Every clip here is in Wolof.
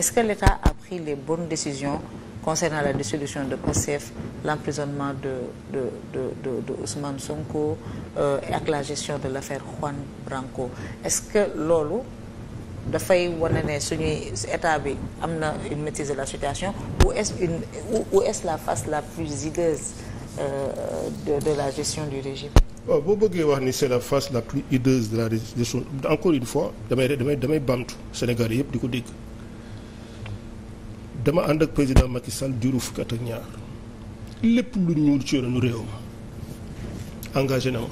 Est-ce que l'État a pris les bonnes décisions concernant la dissolution de PASSEF, l'emprisonnement de, de, de, de, Ousmane Sonko euh, ak la gestion de l'affaire Juan Branco est-ce que loolu dafay wane ne suñuy état bi am na une maîtrise de la situation ou est-ce une ou, ou est la face la plus hideuse euh, de la gestion du régime oh, boo bëggee wax ni c'est la face la plus hideuse de la gestion encore une fois damay damay damay bamtu Sénégal yëpp di ko dégg dama ànd ak président Macky Sall juru fukk at ak ñaar lépp lu ñuul ci yoronu réew ma engagé na ma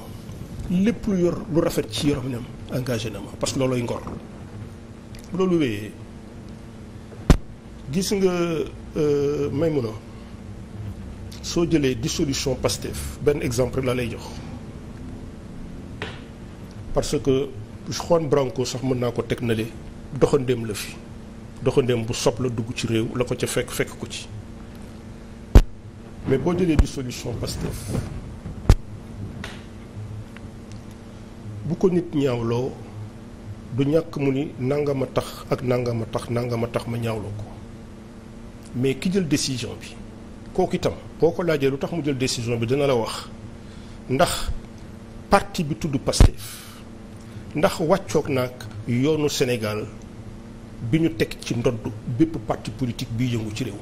lépp lu yor lu rafet ci yoronam engagé na ma parce que loolooy ngor loolu wéyee gis nga euh, Maïmouna soo jëlee dissolution Pastef benn exemple laa lay jox parce que Juan Branco sax mën naa ko teg nale le doxandéem la fi doxandeem bu sob la dugg ci réew la ko ca fekk fekk ko ci mais boo jëlee di solution Pastef bu ko nit ñaawloo du ñàkk mu ni nangama tax ak nangama tax nangama tax ma ñaawloo ko mais ki jël décision bi kook itam boo ko laajee lu tax mu jël décision bi dina la wax ndax parti bi tudd Pastef ndax wàccoog naag yoonu Sénégal bi ñu teg ci ndodd bépp parti politique bi yëngu ci réew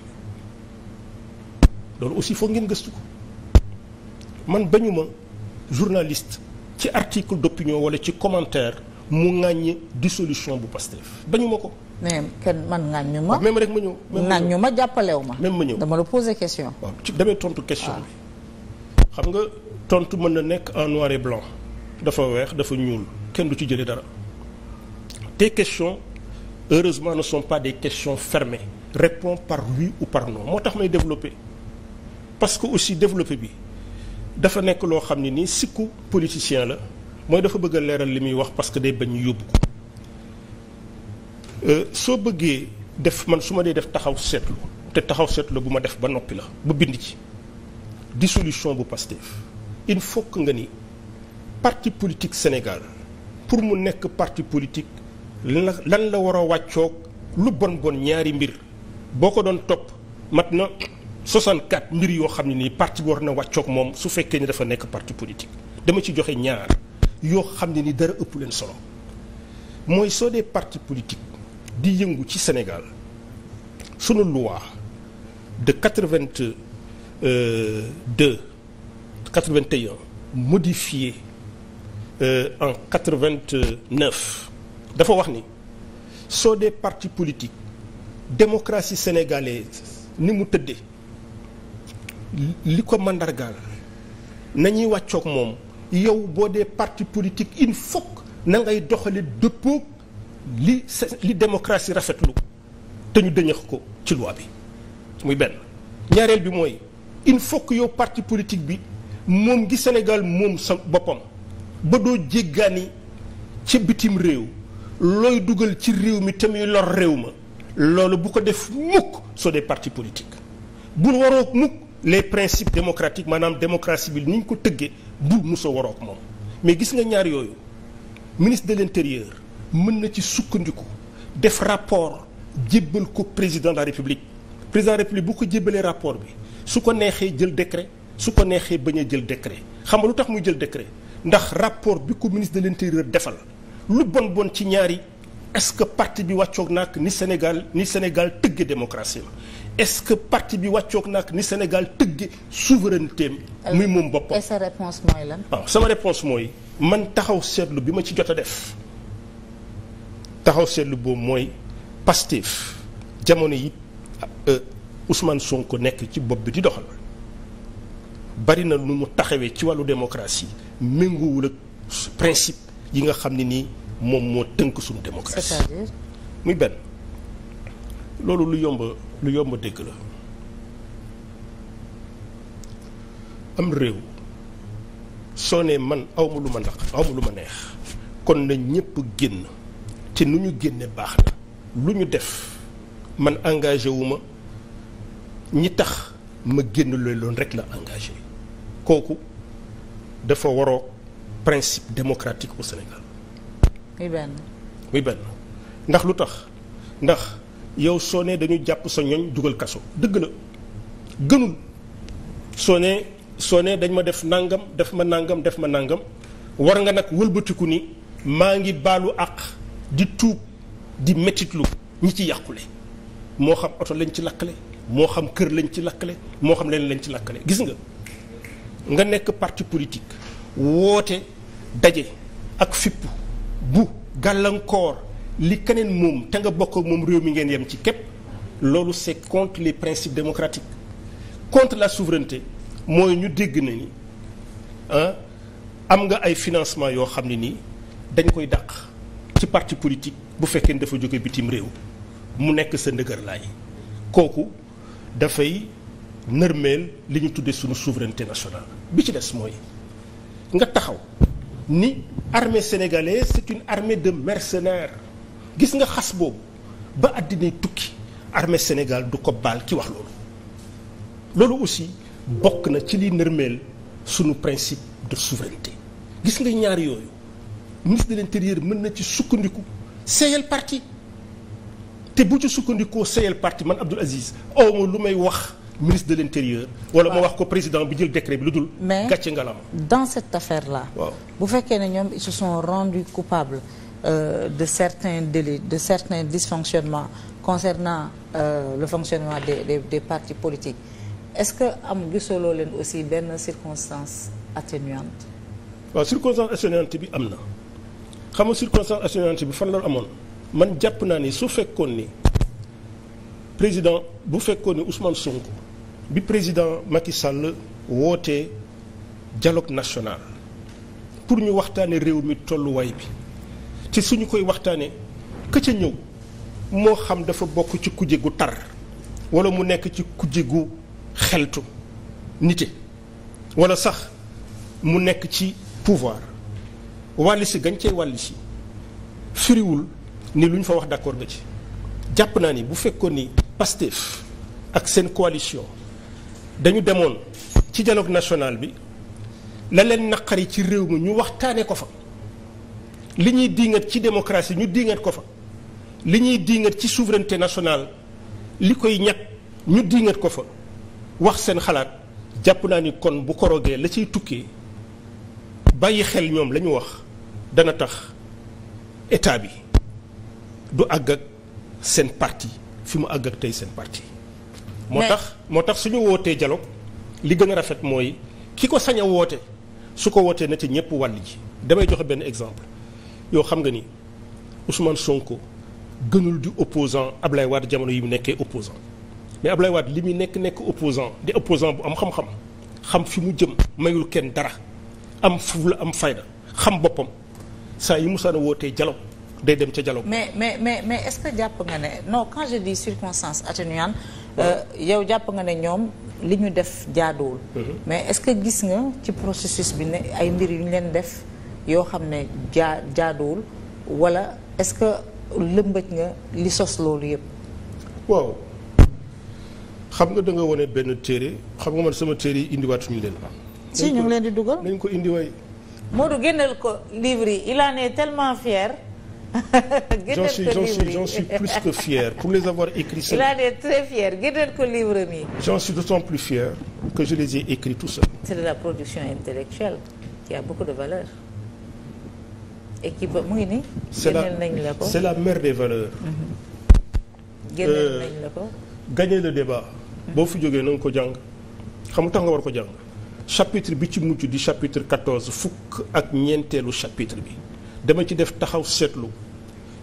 loolu aussi foog ngeen gëstu ko man bañu ma journaliste ci article d'opinion wala ci commentaire mu ŋàññi dissolution bu Pastef bañu ma ko. mais kenn man ŋàññu ma. même rek ma ñëw. ŋàññu ma jàppalew ma. même ma ñëw dama la poser question. waaw ci damay tontu question bi. Ah. xam nga tontu mën na nekk un noir et blanc. dafa weex dafa ñuul kenn du ci jëlee dara te question. heureusement na sont pas des question fermées réponds par oui ou par non moo tax may développer parce que aussi développer bi dafa nekk loo xam ne nii sikku politicien la mooy dafa bëgg a leeral li muy wax parce que day bañ ñu yóbbu ko euh, soo bëggee def man su ma dee def taxaw seetlu te taxaw seetlu bu ma def ba noppi la ba bind ci di dissolution bu Pastef il faut que nga ni parti politique Sénégal pour mu nekk parti politique lan la war wàccook lu bon bon ñaari mbir boo ko doon topp mat na 64 mbir yoo xam ne nii parti bi war na wàccoog moom su fekkee ni dafa nekk parti politique dama ci joxe ñaar yoo xam ne ni dara ëpp leen solo mooy soo dee parti politique di yëngu ci Sénégal sunu loi de 82 81 euh, modifiée euh, en 89 dafa wax ni soo dee parti politique démocratie sénégalaise ni mu tëddee li ko mandargaal nañuy wàccoog moom yow boo dee parti politique il faut na ngay doxale dëppoog li li démocratie rafetlu te ñu dëñëx ko ci loi bi muy benn ñaareel bi mooy il faut yow parti politique bi moom gi Sénégal moom sa boppam ba doo jéggaani ca bitim réew looy dugal ci réew mi te muy lor réew ma loolu bu ko def mukk soo des parti politiques bul waroog mukk les principe démocratiques maanaam démocratie bi nu ñu ko tëggee bul musoo waroog moom mais gis nga ñaar yooyu ministre de l'intérieur mën na ci sukkandiku def rapport jébbal ko président de la république président de la république bu ko jébbalee rapport bi su ko neexee jël décret su ko neexee bañ a jël décret xam nga lu tax muy jël décret ndax rapport bi ko ministre de l'intérieur defal lu bon bon ci ñaari est-ce que parti bi wàccoog naak ni Sénégal ni Sénégal tëgg démocratie ma est-ce que parti bi wàccoog naak ni Sénégal tëgg souveraineté euh, muy moom boppam. et sa réponse mooy lan. sama réponse mooy man taxaw seetlu bi ma ci jot a def taxaw seetlu boobu mooy Pastef jamono yi euh, Ousmane Sonko nekk ci bopp bi di doxal bari na lu mu taxawee ci wàllu démocratie méngoowul ak principe. yi nga xam ne nii moom moo tënk suñu démocratie. cest muy benn loolu lu yomb lu yomb dégg la am réew soo nee man awma lu ma ndax awma lu ma neex kon na ñëpp génn ci nu ñu génne baax na lu ñu def man engagé wu ma ñi tax ma génn loolu rek la engagé kooku dafa waroo principe démocratique au Sénégal. muy benn. muy benn ndax lu tax ndax yow soo nee dañu jàpp sa ñoñ dugal kaso dëgg la gënul soo nee soo nee dañ ma def nangam def ma nangam def ma nangam war nga nag wëlbatiku ni maa ngi baalu àq di tuub di mettitlu ñi ci yàqule moo xam oto lañ ci lakkale moo xam kër lañ ci lakkale moo xam leneen lañ ci lakkale gis nga nga nekk parti politique woote. daje ak fipp bu gàllankoor li keneen moom te nga bokk moom réew mi ngeen yem ci képp loolu se contre les principes démocratiques contre la souveraineté mooy ñu dégg na ni ah am nga ay financement yoo xam ne nii dañ koy dàq ci parti politique bu fekkee ni dafa jóge bitim réew mu nekk sa ndëgër laay kooku dafay nërmeel li ñu tuddee sunu souveraineté nationale bi ci des mooy nga taxaw ni armée sénégalaise c'est une armée de mercenaires gis nga xas boobu ba àddina tukki armée Sénégal du ko baal ki wax loolu loolu aussi bokk na ci li nërmeel sunu principe de souveraineté gis nga ñaar yooyu ministre de l'intérieur mën na ci sukkandiku seeyal parti te bu ci sukkandikoo seeyal parti man Abdoul Aziz awma lu may wax ministre de l'intérieur wala ma wax ko président bi jël décret bi lu dul gàcce ngalam dans cette affaire là waaw bu fekkee ne ñoom ils se sont rendus coupables euh, de certains délits de certains dysfonctionnements concernant euh, le fonctionnement des, des des partis politiques est-ce que am gisoloo leen aussi benn circonstance atténuante waaw circonstance atténuante bi am na xam nga circonstance atténuante bi fan la amoon man jàpp naa ni su fekkoon ni président bu fekkoon ni Ousmane Sonko bi président Macky Sall wootee dialogue national pour ñu waxtaane réew mi tolluwaay bi te suñu koy waxtaanee ka ca ñëw moo xam dafa bokk ci kujje gu tar wala mu nekk ci kujje gu xeltu nite wala sax mu nekk ci pouvoir wàlli si gañ cee wàlli si firiwul ni lu ñu fa wax d'accord nga ci jàpp naa ni bu fekkoon ni Pastef ak seen coalition dañu demoon ci dialogue nationale bi la leen naqari ci réew mi ñu waxtaane ko fa li ñuy diingat ci démocratie ñu diingat ko fa li ñuy diingat ci souveraineté nationale li koy ñàkk ñu diingat ko fa wax seen xalaat jàpp naa ni kon bu ko roogee la ciy tukkee bàyyi xel ñoom lañu wax dana tax état bi du àgg ak seen parti fi mu àgg ak tey seen parti moo tax moo tax suñu wootee dialogue li gën a rafet mooy ki ko sañ a woote su ko wootee na ci ñëpp wàll ji damay joxe benn exemple yow xam nga ni Ousmane Sonko gënul di opposant Ablaye Wade jamono yi mu nekkee opposant mais Ablaye waat li muy nekk nekk opposan di opposant bu am xam-xam xam fi mu jëm mayul kenn dara am fulla am fayda xam boppam saa yi musaana wootee jaloo day dem ca dialogue mais mais mais mais est-ce que jàpp nga ne non quand je dis circonstance atténuante Euh, yow jàpp nga ne ñoom li ñu def jaaduwul. Mhm. mais est-ce que gis nga ci processus bi ne ay mbir yu ñu leen def yoo xam ne jaa jaaduwul walla est-ce que lëmbëj nga li sos loolu yëpp. waaw xam nga da nga wane benn téere xam nga man sama téere yi indiwaatuñu leen. si ñu ngi leen di dugal nañ ko indiwaay. Modou génneel ko livre yi il en est fier. j'en suis j'en suis j'en suis plus que fier pour les avoir écrits seuls. Il en est très fier génneel ko livre mi. j'en suis d'autant plus fier c'est la production a beaucoup de valeur. génneel nañ la ko c'est la des valeurs. Mhm. Euh, le débat. boo fi jógee na ko jàng xam nga tax nga ko jàng. chapitre bi ci mujj di chapitre 14 fukk ak ñeenteelu chapitre bi. dama ci def taxaw seetlu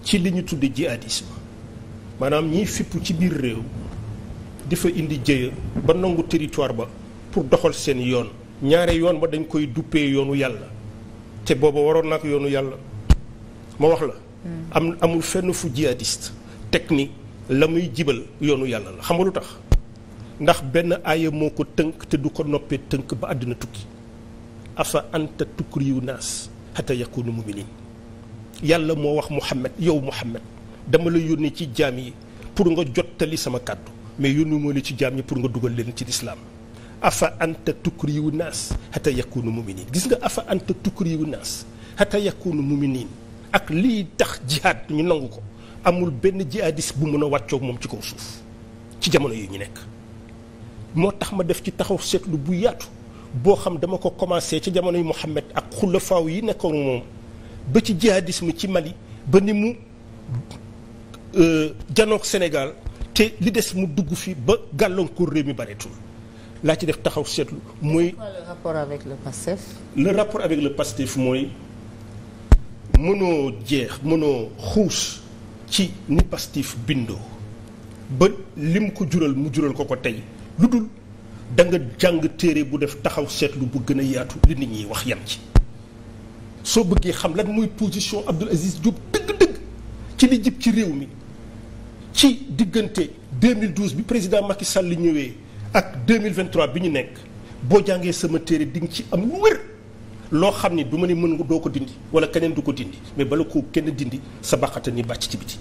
ci li ñu tudde jihadisme maanaam ñiy fippu ci biir réew di fa indi jëya ba nangu territoire ba pour doxal seen yoon ñaare yoon ba dañ koy duppee yoonu yàlla te booba waroon naa yoonu yàlla ma wax la hmm. am amul fenn fu jihadiste technique la muy jibal yoonu yàlla la xam lu tax ndax benn aaya moo ko tënk te du ko noppee tënk ba àddina tukki afa anta tukriyu naas xata yakunu muminin yàlla moo wax Mouhamed yow Mouhamed dama la yónni ci jaam yi pour nga jottali sama kàddu mais yónni moo li ci jaam yi pour nga dugal leen ci lislaam afa anta tukriyu naas xata yakunu muminin gis nga afa anta tukriyu naas xata yakunu muminin ak lii tax jihaad ñu nangu ko amul benn jihadis bu mën a wàccoog moom ci kaw suuf ci jamono yi ñu nekk moo tax ma def ci taxaw seetlu bu yaatu boo xam dama ko commencé ci jamono yi Mouhamed ak xulafaaw yi nekkoon moom ba ci jihadisme ci Mali ba ni mu euh, janook Sénégal te li des mu dugg fi ba gàllankoor réew mi bareetul laa ci def taxaw seetlu mooy. le rapport avec le PASTEF. le rapport avec le mooy mënoo jeex mënoo xuus ci ni PASTEF bindoo ba lim ko jural mu jural ko ko tey lu dul da nga jàng téere bu def taxaw seetlu bu gën a yaatu li nit ñi wax yam ci. soo bëggee xam lan mooy position Abdoul Aziz Diop dëgg-dëgg ci li jib ci réew mi ci diggante 2012 bi président Macky Sall li ñëwee ak 2023 bi ñu nekk boo jàngee sama téere di nga ci am lu wér loo xam ni du ma ne mën nga doo ko dindi wala keneen du ko dindi mais bala koo kenn dindi sa baaxata ni bàcc ci biti